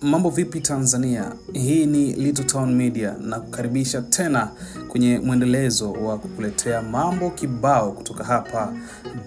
Mambo vipi Tanzania? Hii ni Little Town Media na kukaribisha tena kwenye mwendelezo wa kukuletea mambo kibao kutoka hapa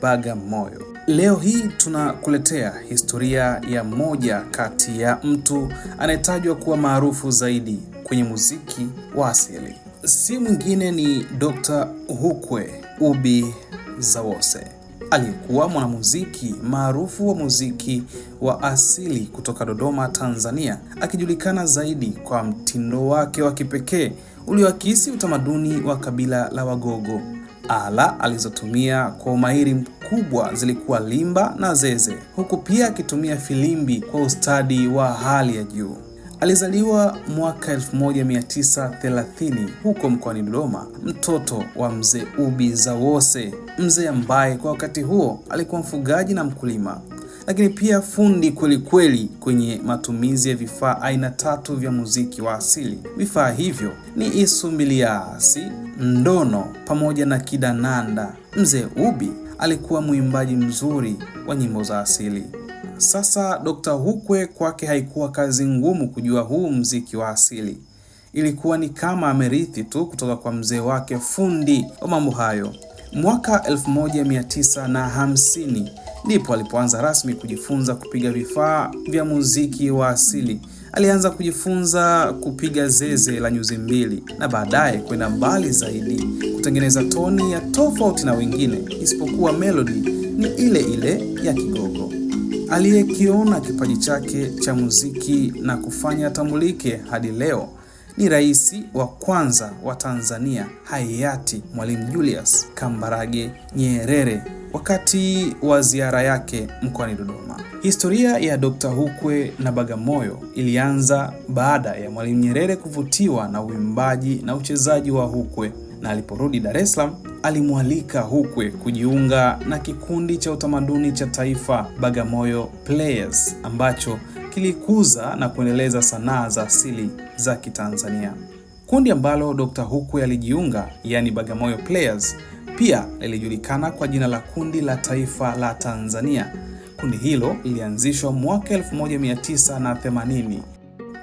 Bagamoyo. Leo hii tunakuletea historia ya moja kati ya mtu anayetajwa kuwa maarufu zaidi kwenye muziki wa asili. Si mwingine ni Dr. Hukwe Ubi Zawose aliyekuwa mwanamuziki maarufu wa muziki wa asili kutoka Dodoma, Tanzania, akijulikana zaidi kwa mtindo wake wa kipekee ulioakisi utamaduni wa kabila la Wagogo. Ala alizotumia kwa umahiri mkubwa zilikuwa limba na zeze, huku pia akitumia filimbi kwa ustadi wa hali ya juu. Alizaliwa mwaka 1930 huko mkoani Dodoma, mtoto wa mzee Ubi Zawose, mzee ambaye kwa wakati huo alikuwa mfugaji na mkulima, lakini pia fundi kwelikweli kweli kwenye matumizi ya vifaa aina tatu vya muziki wa asili. Vifaa hivyo ni isubiliasi, ndono pamoja na kidananda. Mzee Ubi alikuwa mwimbaji mzuri wa nyimbo za asili. Sasa Dr. Hukwe kwake haikuwa kazi ngumu kujua huu mziki wa asili. Ilikuwa ni kama amerithi tu kutoka kwa mzee wake fundi wa mambo hayo. Mwaka 1950 ndipo alipoanza rasmi kujifunza kupiga vifaa vya muziki wa asili. Alianza kujifunza kupiga zeze la nyuzi mbili na baadaye kwenda mbali zaidi kutengeneza toni ya tofauti na wengine, isipokuwa melodi ni ile ile ya Kigogo aliyekiona kipaji chake cha muziki na kufanya tambulike hadi leo ni rais wa kwanza wa Tanzania hayati Mwalimu Julius Kambarage Nyerere wakati wa ziara yake mkoani Dodoma. Historia ya Dkt. Hukwe na Bagamoyo ilianza baada ya Mwalimu Nyerere kuvutiwa na uimbaji na uchezaji wa Hukwe na aliporudi Dar es Salaam alimwalika Hukwe kujiunga na kikundi cha utamaduni cha taifa Bagamoyo Players ambacho kilikuza na kuendeleza sanaa za asili za Kitanzania. Kundi ambalo Dr. Hukwe alijiunga, yani Bagamoyo Players, pia lilijulikana kwa jina la kundi la taifa la Tanzania. Kundi hilo lilianzishwa mwaka 1980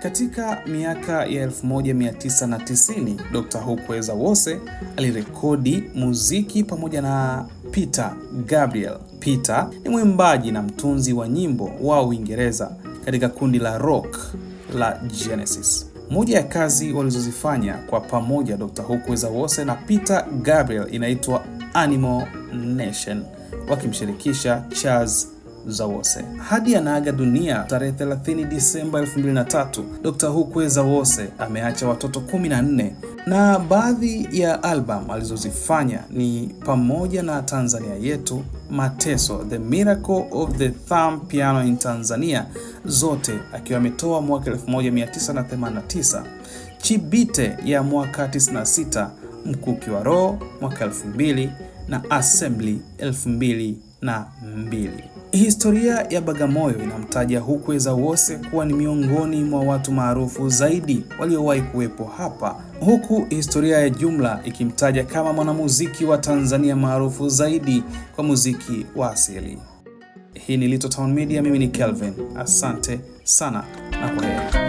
katika miaka ya 1990 Dr. Hukweza Wose alirekodi muziki pamoja na Peter Gabriel. Peter ni mwimbaji na mtunzi wa nyimbo wa Uingereza katika kundi la rock la Genesis. Moja ya kazi walizozifanya kwa pamoja Dr. Hukweza Wose na Peter Gabriel inaitwa Animal Nation wakimshirikisha Charles Zawose. Hadi anaaga dunia tarehe 30 Disemba 2003, Dr. Hukwe Zawose ameacha watoto 14 na baadhi ya albamu alizozifanya ni pamoja na Tanzania Yetu, Mateso, The Miracle of the Thumb Piano in Tanzania, zote akiwa ametoa mwaka 1989, Chibite ya mwaka 96, Mkuki wa Roho mwaka 2000 na Assembly 2002. Historia ya Bagamoyo inamtaja Hukwe za Wose kuwa ni miongoni mwa watu maarufu zaidi waliowahi kuwepo hapa, huku historia ya jumla ikimtaja kama mwanamuziki wa Tanzania maarufu zaidi kwa muziki wa asili. Hii ni Little Town Media, mimi ni Kelvin. Asante sana na kwaheri.